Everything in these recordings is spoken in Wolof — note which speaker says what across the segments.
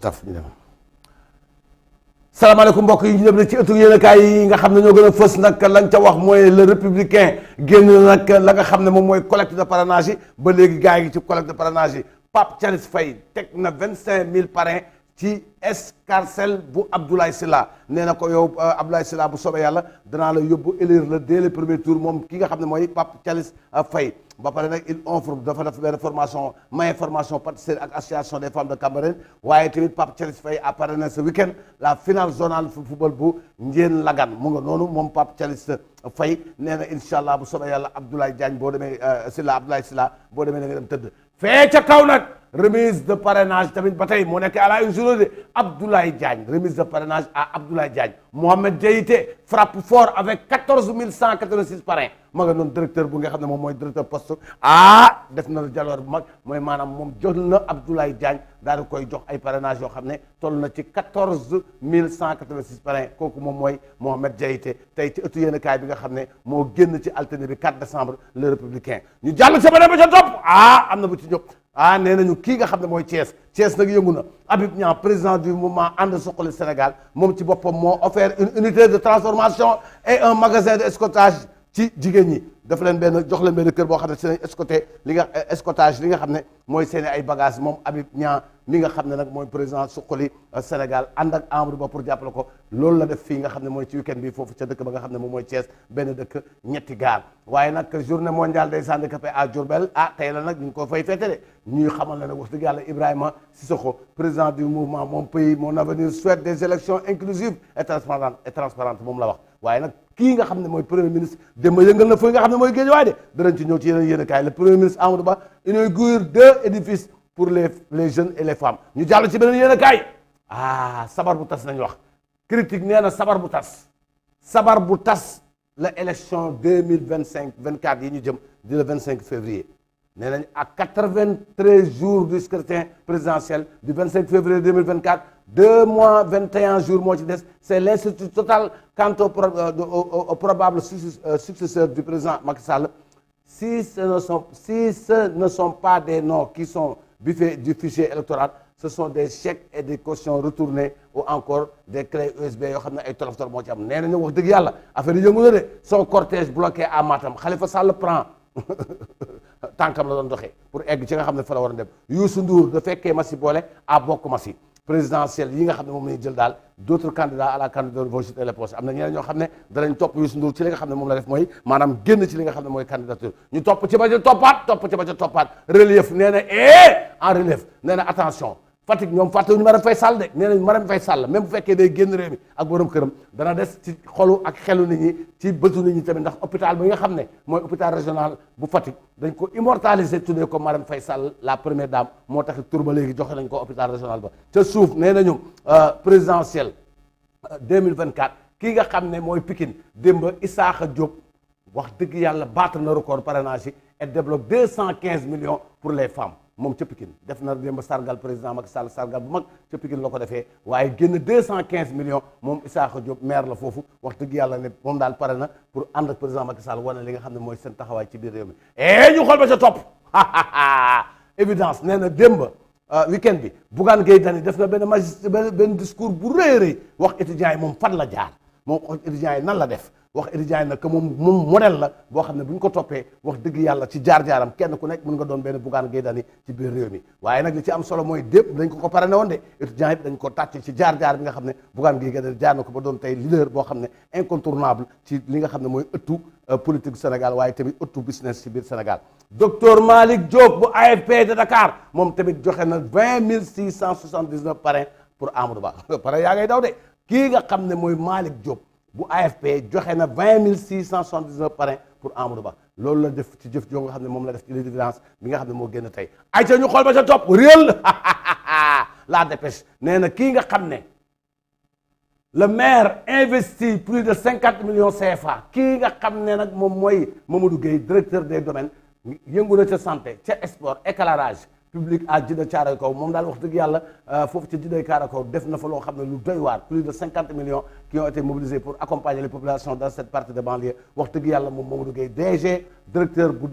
Speaker 1: taf ñu dem salaamaaleykum mbokk yi ñu dem nag ci ëttu yéenekaay yi nga xam ne ñoo gën a fës nag lañ ca wax mooy le républicain génn nag la nga xam ne moom mooy collecte de parrainage yi ba léegi gaa yi ngi ci collecte de parrainage yi Pape Thialis Faye teg na vingt cinq mille parrains ci escarcelle bu Abdoulaye Sylla nee ko yow euh, Abdoulaye Sylla bu soobee yàlla danaa la yóbbu élire la dès le premier tour moom ki nga xam ne mooy Pape Thialis euh, Faye ba pare nag il offre dafa def benn formation may formation pâtisserie ak association des femmes de Cambérène waaye tamit Pape Thialis Faye a parrainé ce week-end la finale zonale football bu Ndiène Lagane mu nga noonu moom Pape Thialis euh, Faye nee na incha allah bu soobee yàlla Abdoulaye Diagne boo demee Sylla Abdoulaye Sylla boo demee da nga remise de parrainage tamit ba tey moo nekk à la une journée de Abdoulaye Diagne remise de parrainage à Abdoulaye Diagne Mohamed Diaité frappe fort avec 14 186 parrains ma nga noonu directeur bu nga xam ne moom mooy directeur poste ah def na jaloor bu mag mooy maanaam moom jot na Abdoulaye Diagne daal di koy jox ay parrainage yoo xam ne toll na ci 14 186 parrains kooku moom mooy Mohamed Diaité tey ci ëttu yéenekaay bi nga xam ne moo génn ci altine bi 4 décembre le républicain ñu jàll sa beneen ba ah, am na bu ci ñëpp ah nee nañu kii nga xam ne mooy Thiès Thiès nag yëngu na Habib Niang président du mouvement ànd Sénégal moom ci boppam moo offert une de transformation et un magasin de escortage ci jigéen ñi def leen benn jox leen benn kër boo xam ne seen escorté li nga escortage li nga xam ne mooy seen ay bagage moom Habib ñaa mi nga xam ne nag mooy président suqali euh, Sénégal ànd ak Amadou Ba pour jàppale ko loolu la def fii nga xam ne mooy ci week-end bi foofu ca dëkk ba nga xam ne moom mooy Thiès benn dëkk ñetti gaar waaye nag journée mondiale des handicapés à Diourbel a ah, tey la nag ñu ngi ko fay fête de ñuy xamal ne nag wax dëgg yàlla Ibrahima Sissoko président du mouvement mon pays mon avenir souhaite des élections inclusives et transparentes et transparentes la wax waaye nag kii nga xam ne mooy premier ministre démb yëngal na fooy nga xam ne mooy géej waaye de danañ ci ñëw ci yeneen yéen a kaay le premier ministre Amadou Ba inaugure deux édifices pour les les jeunes et les femmes ñu jàll ci beneen yéen a kaay ah sabar bu tas nañu wax critique nee na sabar bu tas sabar bu tas la élection deux mille vingt cinq vingt quatre yi ñu jëm di le vingt cinq février nee nañ à quatre vingt treize jours du scrutin présidentiel du vingt cinq février deux mille vingt quatre deux mois vingt et un jours moo ci des c' est l' totale quant au, pro, euh, au, au probable euh, successeur du président Macky Sall si ce ne sont si ce ne pas des noms qui sont biffés du fichier électoral ce sont des chèques et des cautions retournées ou encore des clés USB yoo xam ne ay tolof-tolof moo ci am nee nañu wax dëgg yàlla affaire yi yëngu na de son cortège bloqué à Matam Khalifa Sall prend tànkam la doon doxee pour egg ci nga xam ne fa la war a dem Youssou Ndour da fekkee ma boole à ma si présidentielle yi nga xam ne moom la ñuy daal d' candidats à la candidature vont jeter les am na ñeneen ñoo xam ne danañ topp Youssou Ndour ci li nga xam ne moom la def mooy maanaam génn ci nga xam ne mooy candidature ñu topp ci ba ca toppaat topp ci ba relief nee na eh, en relief nee attention Fatick ñoom fàttewuñu Marème Faye Sall de nee nañ Marème Faye Sall même bu fekkee day génn réew mi ak borom këram dana des ci xolu ak xelu nit ñi ci bëtu nit ñi tamit ndax hôpital bi nga xam ne mooy hôpital régional bu Fatick dañ ko immortalisé tuddee ko Marème fay Sall la première dame moo tax tur ba léegi joxe nañ ko hôpital régional ba ca suuf nee nañu euh, présidentielle euh, 2024 kii nga xam ne mooy pikin démb Isaaxa Diop wax dëgg yàlla battre na record parrainage yi et développe 215 millions pour les femmes moom ca Pikine def na démb sargal président Macky saal sargal bu mag ca Pikine la ko defee waaye génn deux cent quinze millions moom Isaaxa Diop maire la foofu wax dëgg yàlla ne moom daal pare na pour ànd ak président Macky Sall wane li nga xam ne mooy seen taxawaay ci biir réew mi eh ñu xool ba ca topp évidence nee na démb euh, weekend bi Bougane Gueye Dany def na benn magis benn discours bu rëy rëy wax étudiants yi moom fan la jaar moom étudiants yi nan la def wax étudiant yi nag que moom moom modèle la boo xam ne bu ko toppe wax dëgg yàlla ci jaar-jaaram kenn ku nekk mën nga doon benn Bougane Gueye Dany ci biir réew mi waaye nag li am solo mooy dépp dañ ko ko parane woon de étudiant yi dañ ko tàcc ci jaar-jaar bi nga xam ne Bougane Gueye Dany jaar na ko ba doon tey leader boo xam ne incontournable ci li nga xam ne mooy ëttu euh, politique Sénégal waaye tamit ëttu business ci biir Sénégal docteur Malick Diop bu AFP de Dakar moom tamit joxe na 20 679 parrain pour Amadou Ba parrain yaa ngay daw de kii nga xam ne mooy Malick Diop bu AFP joxe na vingt mille six cent soixante dix neuf parrain pour Amadou Ba loolu la def ci jëf joo nga xam ne moom la def ci l'évidence bi nga xam ne moo génn tey ay ca ñu xool ba ca la dépêche nee na kii nga xam ne le maire investit plus de cinquante millions CFA kii nga xam ne nag moom mooy Mamadou Gueye directeur des domaines yëngu na ca santé ca sport éclairage public à Djidda Thiaroye Kaw moom daal wax dëgg yàlla euh, foofu ca Djidda Thiaroye Kaw def na fa loo xam ne lu doy waar plus de cinquante millions qui ont été mobilisés pour accompagner les populations dans cette partie de banlieue wax dëgg yàlla moom Mamadou Gueye DG directeur bu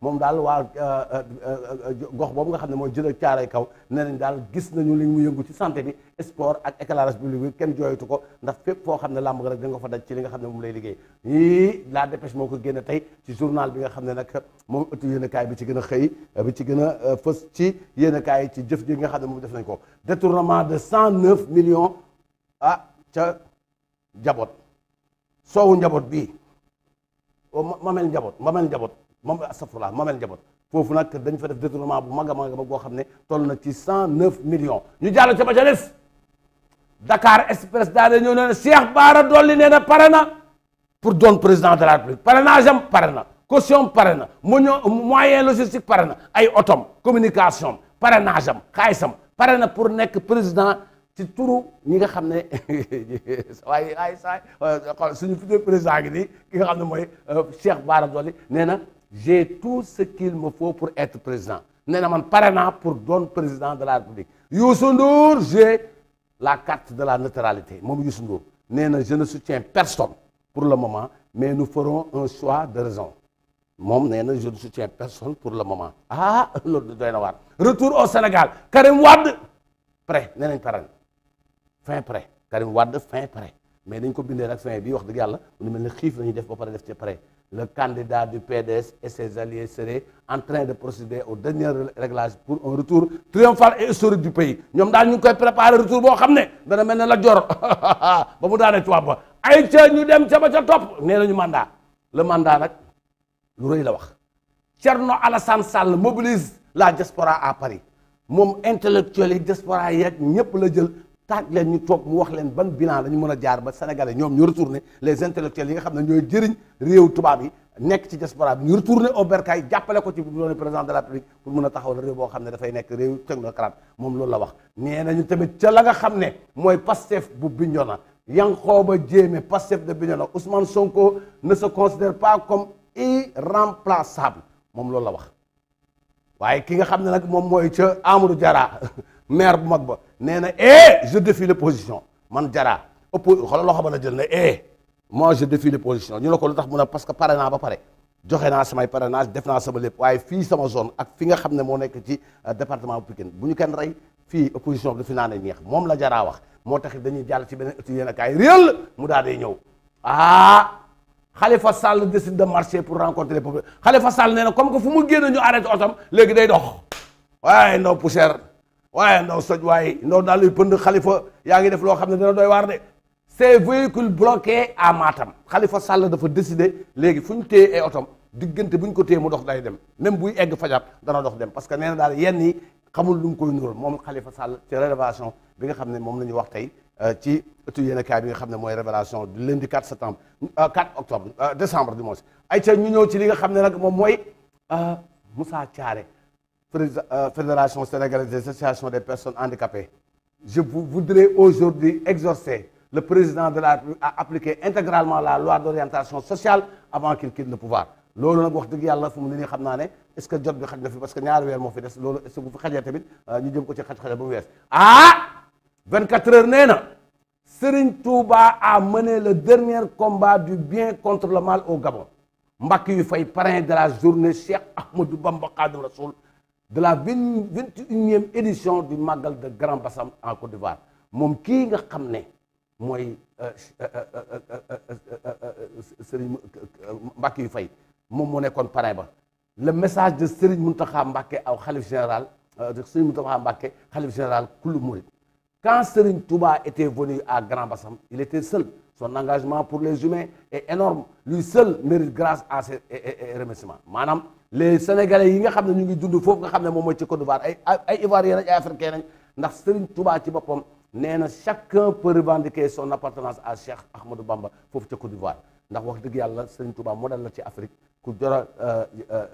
Speaker 1: moom daal waa euh, euh, euh, gox boobu nga xam ne mooy jël caaray kaw nee nañ daal gis nañu li mu yëngu ci santé bi sport ak éclairage public bi kenn jooyatu ko ndax fépp foo xam ne làmb rek da nga fa da ci li nga xam ne moom lay liggéey yii la dépêche moo ko génne tey ci journal bi nga xam ne nag moom ëttu kaay bi ci gën a xëy bi ci gën a fës ci yéenekaay ci jëf ji nga xam ne moom def nañ ko détournement de njaboot soowu njaboot bii oh, mamel njaboot mamel njaboot mam astafurlah mamel njaboot foofu nag dañ fa def détournement bu mag a mag ba xam ne tol na ci cent neuf million ñu jàll ca ba ca dakaar Dakar Express daal ñëw ne Cheikh Bara Dolly nee na pare na pour don président de la République parrainage am pare na caution pare na moyen logistique pare na ay otom communication parrainage am xaalisam pare na pour nekk président ci turu ñi nga xam ne waaye ay saay xool suñu futur président gi nii ki nga xam ne mooy euh, Cheikh Bara Dolly nee na j'ai tout ce qu'il me faut pour être président nee na man pare pour doon président de la République Youssou Ndour j'ai la carte de la neutralité moom Youssou Ndour nee na je ne soutiens personne pour le moment mais nous ferons un choix de raison moom nee na je ne soutiens personne pour le moment ah loolu doy na waar retour au Sénégal Karim Wade prêt nee nañ pare fin prêt Karim Wade fin prêt mais dañ ko bindee nag fin bi wax dëgg yàlla mu mel ne xiif la ñuy def ba pare def ci prêt le candidat du PDS et ses alliés seraient en train de procéder au dernier réglage pour un retour triomphal et historique du pays ñoom daal ñu ngi préparer retour boo xam ne dana mel ne la jor ba mu daanee tubaab ba ay ca ñu dem ca ba ca topp nee nañu mandat le manda nag lu rëy la wax Thierno Alassane Sall mobilise la diaspora à Paris moom intellectuel yi diaspora yeeg ñëpp la jël taaj leen ñu mu wax leen ban bilan la ñu mën a jaar ba sénégalais ñoom ñu retourné les intellectuels yi nga xam ne ñooy jëriñ réew tubaab yi nekk ci diaspora bi ñu retourné au bercail jàppale ko ci bu doon président de la République pour mën a taxawal réew boo xam ne dafay nekk réew technocrate moom loolu la wax nee nañu tamit ca la nga xam ne mooy Pastef bu Bignona Yankhoba Diémé Pastef de Bignona Ousmane Sonko ne se considère pas comme irremplaçable moom loolu la wax ki nga xam ne nag moom mooy ca Amadou Diarra maire bu mag ba nee na eh je défie l'opposition man Diarra oppo xoolal loxo ba la jël ne eh moi je défie position ñu ne ko lu tax mu ne parce que pare naa ba pare joxe naa samay parrainage def naa sama lépp waaye fii sama zone ak fi nga xam ne moo nekk ci euh, département bu Pikine bu ñu kenn rey fii opposition bi dafa naa ne neex moom la jara wax moo tax dañuy jàll ci beneen ci yéen a kaay réel mu daal di ñëw ah Khalifa Sall décide de marcher pour rencontrer les peuples Khalifa Sall nee na comme que fu mu génn ñu arrêté otom léegi day dox waaye waaye ndaw soj waaye ndaw daal luy pënd xalifa yaa ngi def loo xam ne dana doy waar de ces véhicules bloqués à Matam xalifa Sall dafa décidé léegi fu ñu téye ay otom diggante bu ñu ko téye mu dox day dem même buy egg fajar dana dox dem parce que nee na daal yenn yi xamul lu mu koy moom xalifa Sall ci révélation bi nga xam ne moom la ñu wax tey euh, ci ëttu yéenekaay bi nga xam ne mooy révélation du lundi 4 septembre 4 euh, octobre euh, décembre du mois ay ca ñu ñëw ci li nga xam ne nag moom mooy Moussa Thiaré Euh, Fédération sénégalaise des associations des personnes handicapées. Je vous voudrais aujourd'hui exhorter le président de la République à appliquer intégralement la loi d'orientation sociale avant qu'il quitte le pouvoir loolu nag wax dëgg yàlla fu mu ne nii xam naa ne est-ce que jot bi xaj na fi parce que ñaari weer moo fi des loolu est-ce que bu fi xajee tamit euh, ñu jëm ko ci xaj-xaja ba mu wees ah 24 le dernier combat du bien contre le mal au Gabon Mbackiou Faye parrain de la journée Cheikh Ahmadou Bamba Khadim Rassoul de la vingt et unième édition du Magal de Grand Bassam en Côte d'Ivoire moom kii nga xam ne mooy Serigne Mbacké yu fay moom moo nekkoon parrain ba le message de Serigne Mountakha Mbacké aw xalif général Serigne Mountakha Mbacké xalif général kullu murid quand Serigne Touba était venu à Grand Bassam il était seul son engagement pour les humains et énorme lui seul mérite grâce à ses remerciements maanaam les sénégalais yi nga xam ne ñu ngi dund foofu nga xam ne moom mooy ci Côte d'Ivoire ay ay ivoiriens lañ ay africains lañ ndax Serigne Touba ci boppam na chacun peut revendiquer son appartenance Bamba foofu ca Côte d'Ivoire ndax wax dëgg yàlla Serigne Touba modèle la ci Afrique ku jora euh, euh,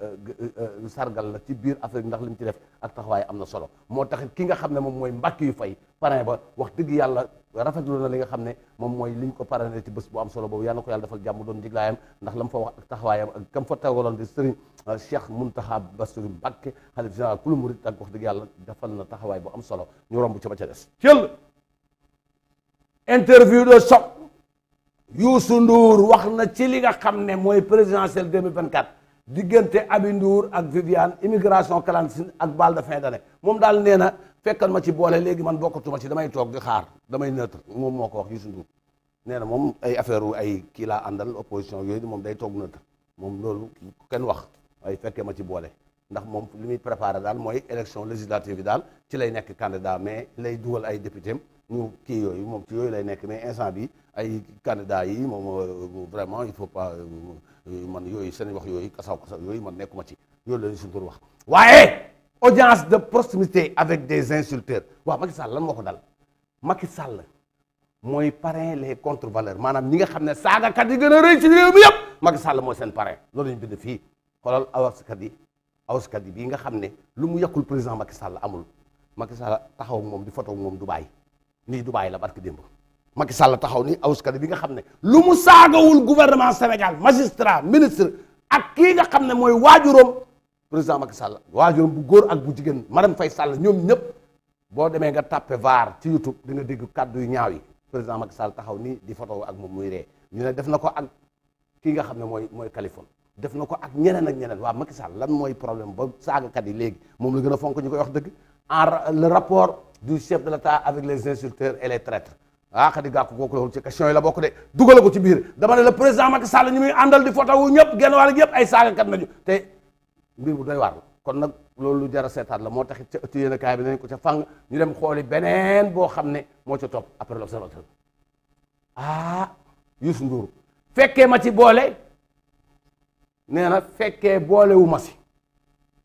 Speaker 1: euh, sargal la ci biir Afrique ndax li mu ci def ak taxawaay am na solo moo taxit ki nga xam ne moom mooy mbàkk yu fay parrain ba wax dëgg yàlla rafetlu na li nga xam ne moom mooy liñ ko parrainé ci bés bu am solo boobu yal na ko yàlla defal jàmm doon njiglaayam ndax la mu fa wax ak taxawaayam ak kam fa teewaloon di Serigne Cheikh Mountakha Bassirou Mbacké xalif général kulu murit ak wax dëgg yàlla defal na taxawaay bu am solo ñu romb ca ba ca des cëll interview de choc Youssou Ndour wax na ci li nga xam ne mooy présidentielle 2024 diggante Abi Ndour ak Viviane immigration clandestine ak bal de fin ne moom daal nee na fekkan ma ci boole léegi man bokkatuma ci damay toog di xaar damay neutre moom moo ko wax Youssou Ndour nee na moom ay affaire ay kii laa àndal opposition yooyu moom day toog neutre moom loolu ay fekkee ma ci boole ndax mom li muy préparé daal mooy élection législative yi daal ci lay nekk candidat mais lay dugal ay député ñu kii yooyu moom ci yooyu lay nekk mais instant bi ay candidat yi moom euh, vraiment il faut pas euh, man yooyu seen wax yooyu kasaw kasaw yooyu man nekku ma ci yooyu la suñu doon wax waaye audience de proximité avec des insulteurs waaw Macky Sall lan moo ko dal Macky Sall mooy parrain les contre valeurs maanaam ñi nga xam ne saagakat yi gën a rëy ci réew seen parrain loolu ñu bind fii xoolal awaskat yi awaskat yi bii nga xam ne lu mu yàqul président Macky Sall amul Macky taxaw moom di photo moom Dubaay nii Dubaay la barki démb Macky Sall taxaw ni awaskat yi bi nga xam ne lu mu saagawul gouvernement Sénégal magistrat ministre ak kii nga xam ne mooy waajuróom président Macky Sall waajuróom bu góor ak bu jigéen madame fay Sall ñoom ñëpp boo demee nga tàppe vaar ci YouTube di nga dégg kàddu yu ñaaw yi président Macky Sall taxaw ni di foto ak moom muy ree ñu ne def na ko ak kii nga xam ne mooy mooy Californie def na ko ak ñeneen ak ñeneen waa Macky Sall lan mooy problème ba saagakat yi léegi moom la fonk ñu koy wax dëgg en le rapport du chef de l'État avec les insulteurs et les traîtres ah Khady Gakou kooku loolu ci question yi la bokk de dugal ko ci biir dama ne le président Macky Sall ñu muy àndal di photo wu ñëpp genn wàll ñëpp ay saagakat nañu te mbir bu doy waar kon nag loolu jara jar seetaat la moo taxit ca ëtt yéen a kaay bi nañ ko ca fang ñu dem xooli beneen boo xam ne moo ca topp après l'observateur ah Youssou Ndour fekkee ma ci boole. nee na fekkee boolewu ma si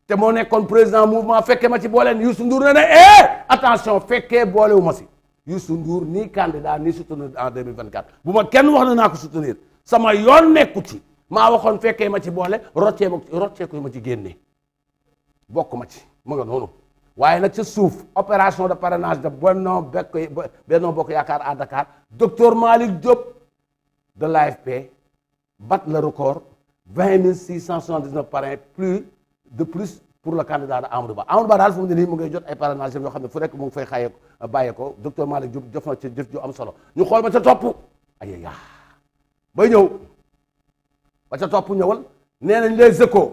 Speaker 1: te moo nekkoon président mouvement fekkee ma ci booleen Youssou Ndour ne ne eh attention fekkee boolewu ma si Youssou Ndour ni candidat ni soutenir en 2024 bu ma kenn wax na naa ko soutenir sama yoon nekku ci maa waxoon fekkee ma ci boole roccee ma rocceeku ma ci génne bokk ma ci ma noonu waaye nag ca suuf opération de parrainage de Benno Bokk Benno Bokk Yaakaar à Dakar docteur Malick Diop de l'AFP bat le record 20 679 parrains plus de plus pour le candidat de Amadou Ba Amadou Ba daal fu mu ne nii mu ngay jot ay parrainage yoo xam ne fu rek mu ngi fay xaye euh, bàyyee ko docteur Malick Diop def na ci jëf ju am solo ñu xool ba ca topp ay yaa bay ñëw ba ca topp ñëwal nee nañ les échos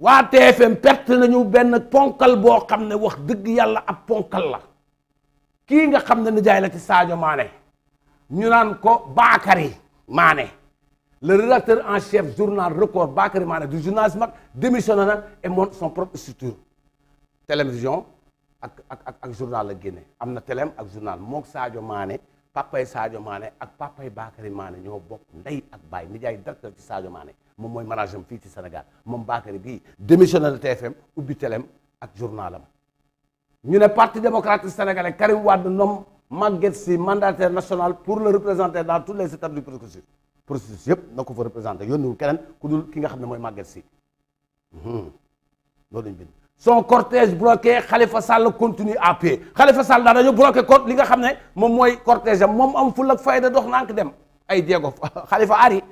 Speaker 1: waa TFM na nañu benn ponkal boo xam ne wax dëgg yàlla ab ponkal la kii nga xam ne jaay la ci Sadio maane ñu naan ko Bakary Mané le rédacteur en chef journal record Bakary Mané du journaliste mag démissionné na et monte son propre structure télévision ak ak ak ak journal la génne am na télém ak journal mook saajo Mané papay saajo maane ak papay Bakary Mané ñoo bokk ndey ak baay nijaay directeur ci saajo maane moom mooy manager fii ci Sénégal moom Bakary bii démissionné na TFM ubi télém ak journalam ñu ne parti démocratique sénégalais Karim Wade nomme Maguette Sy mandataire national pour le représenter dans toutes les étapes processus yëpp na ko fa représenté yónniwul keneen ku dul ki nga xam ne mooy Maguette Sy hmm. loolu lañ bind son cortège bloqué Khalifa Sall continue à pied Khalifa Sall daal dañu bloqué ko li nga xam ne moom mooy cortège am moom am ful ak fayda dox nank dem ay jéego Khalifa ari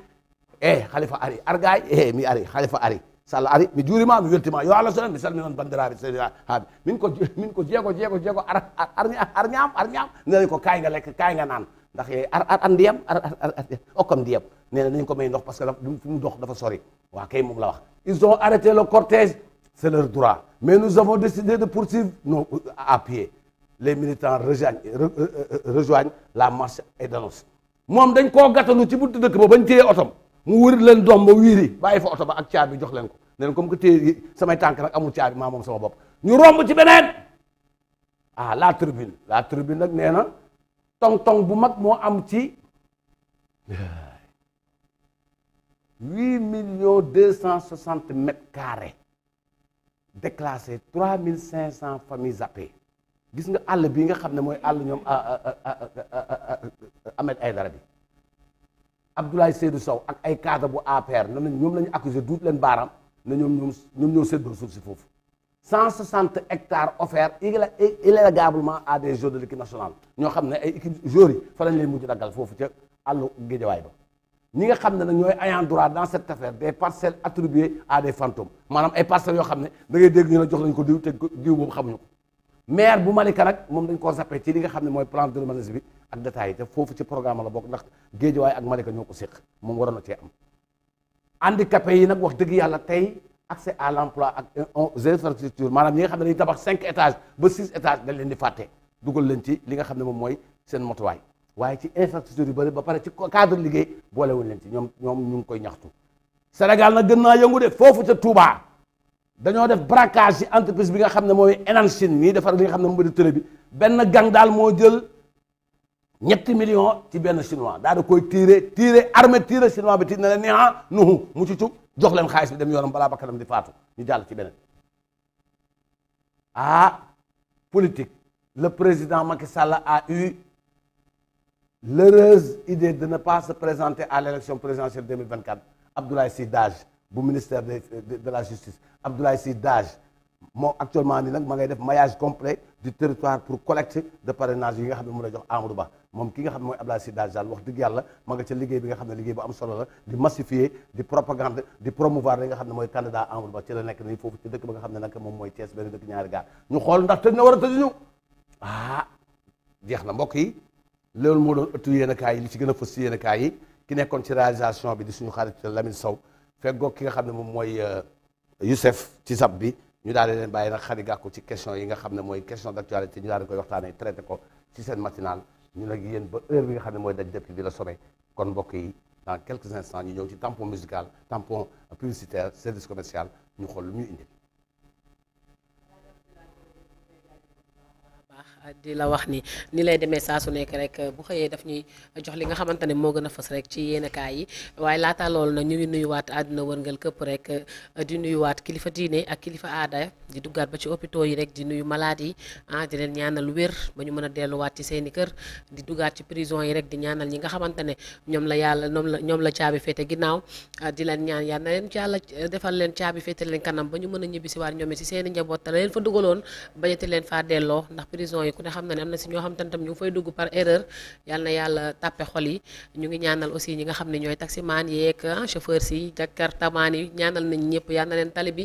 Speaker 1: eh Khalifa ari argaay eh mi ari Khalifa ari Sall ari mi juurima mi weltima yo Allah sonen mi salminon bandiraɓe sehaaɓe min ko min ko jeego jeego jeego ar arñaam arñaam nene ko kaay nga lekk kaay nga naan ndax yooyu ar ar an diyam ar ar okkam diyam nee na dañ ko may ndox parce que fi mu dox dafa sori waa kay moom la wax ils ont arrêté le cortège c'est leur droit mais nous avons décidé de poursuivre non la marche et dénoncent moom dañ koo gàttanu ci buntu dëkk ba bañ téye otom mu wër leen doom ba wiiri fa oto ba ak caabi jox leen ko ne leen comme que téye samay tànk nag amul caabi maa moom sama bopp ñu romb ci beneen ah la tribune la tribune nag nee na tong-tong bu mag moo am ci huit millions deux cent soixante mètres carrés déclassé trois mille cinq cent familles zappées gis nga àll bi nga xam ne mooy àll ñoom ah, ah, ah, Ahmed Aïdara bi Abdoulaye Seydou Sow ak ay cadre bu APR na ñoom lañu ñu accusé duut leen baaram na ñoom ñoom ñoom ñoo séddoo suuf si foofu 160 hectares offerts illégablement à des joueurs de l'équipe nationale ñoo xam ne ay équipe joueurs yi fa lañ leen mujj daggal foofu ca àllu géejawaay ba ñi nga xam ne na ñooy ayant droit dans cette affaire des parcelles attribuées à des fantômes maanaam ay parcelles yoo xam ne da dégg ñu la jox lañ ko diw te diw boobu xamuñu maire bu Malika nag moom dañ koo zappé ci li nga xam ne mooy plan de urbanisme bi ak détails yi te foofu ci programme la bokk ndax géejawaay ak Malika ñoo ko séq na wax dëgg yàlla tey accès à l'emploi ak aux infrastructures maanaam ñi xam ne tabax cinq étages ba six étages dañ leen di fàtte dugal leen ci li nga xam ne moom mooy seen motuwaay waaye ci infrastructure yu bëri ba pare ci cadre liggéey boolewuñ leen ci ñoom ñoom koy ñaxtu Sénégal nag gën naa yëngu de foofu ca Touba dañoo def braquage ci entreprise bi nga xam ne mooy Enancine ñii defar li nga xam ne moom mooy télé bi benn gang daal moo jël ñetti million ci benn chinois daal di koy tiire tiire armé tiire chinois bi tiit na ni ah nuhu mu ci cub jox leen xaalis bi dem yoonam balaa bakkanam di faatu ñu jàll ci beneen ah politique le président Macky Sall a eu l'heureuse idée de ne pas se présenter à l'élection présidentielle 2024 Abdoulaye Sy Dage bu ministère de de la justice Abdoulaye Sy Dage moom actuellement nii nag ma ngay def mayage complet du territoire pour collecte de parrainage yi nga xam ne mu la jox Amadou Ba moom ki nga xam ne mooy Abdoulaye Sy Daal wax dëgg yàlla ma nga ca liggéey bi nga xam ne liggéey bu am solo nga xam ne mooy candidat Amadou Ba ci la nekk nii foofu ci dëkk ba nga xam ne nag moom mooy Thiès benn dëkk ñaari gaar ñu xool ndax tëj na war a tëj ñu ah jeex na mbokk yi loolu moo doon ëttu yéen a kaay yi li ci gën a fës ci kaay yi ki nekkoon ci réalisation bi di suñu xarit Lamine Sow fekkoog ki nga xam ne moom mooy euh, Youssef ci sab bi ñu daal di leen bàyyi nag xari gàkku ci question yi nga xam ne mooy question d'actualité ñu daal waxtaanee traité ko ci seen matinal ñun ak yéen ba heure bi nga xam ne mooy daj dëpp bi la sobe kon mbokk yi dans quelques instants ñu ñëw ci tampon musical tampon publicitaire service commercial ñu xool lu ñu indi di la wax ni ni lay demee saa nekk rek bu xëyee daf ñuy jox li nga xamante ne moo gën a fës rek ci yenn kaay yi waaye laata loolu nag ñu ngi nuyuwaat àdduna wërngal këpp rek di nuyuwaat kilifa diine ak kilifa aada di duggaat ba ci hôpitaux yi rek di nuyu malade yi ah di leen ñaanal wér ba ñu mën a delluwaat ci seen i kër di duggaat ci prison yi rek di ñaanal ñi nga xamante ne ñoom la yàlla ñoom la ñoom la caabi féete ginnaaw ah, di leen ñaan yàlla na leen yàlla eh, defal leen caabi féete leen kanam ba ñu mën a ñibbisiwaat ñoom ci seen i njaboot te la leen fa dugaloon bañati leen ku ne xam na ne am na si ñoo xam tantam ñu ngi fay dugg par erreur yal na yàlla tàppe xol yi ñu ngi ñaanal aussi ñi nga xam ne ñooy taximaan yeeg ah, chauffeur si tamaan yi ñaanal nañ ñëpp yal na leen tali bi